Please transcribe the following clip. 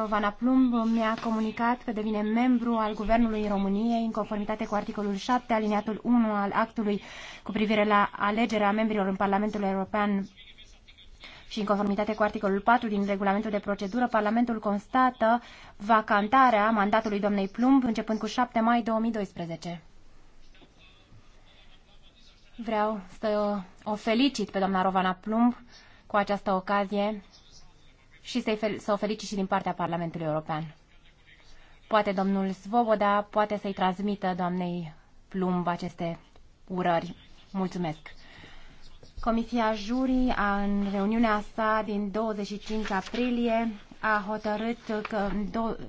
Rovana Plumb mi-a comunicat că devine membru al Guvernului României în conformitate cu articolul 7, aliniatul 1 al actului cu privire la alegerea membrilor în Parlamentul European și în conformitate cu articolul 4 din regulamentul de procedură, Parlamentul constată vacantarea mandatului doamnei Plumb începând cu 7 mai 2012. Vreau să o felicit pe doamna Rovana Plumb cu această ocazie și să fel- să o felicit și din partea Parlamentului European. Poate domnul Svoboda poate să-i transmită doamnei Plumb aceste urări. Mulțumesc! Comisia Jurii, a, în reuniunea sa din 25 aprilie, a hotărât că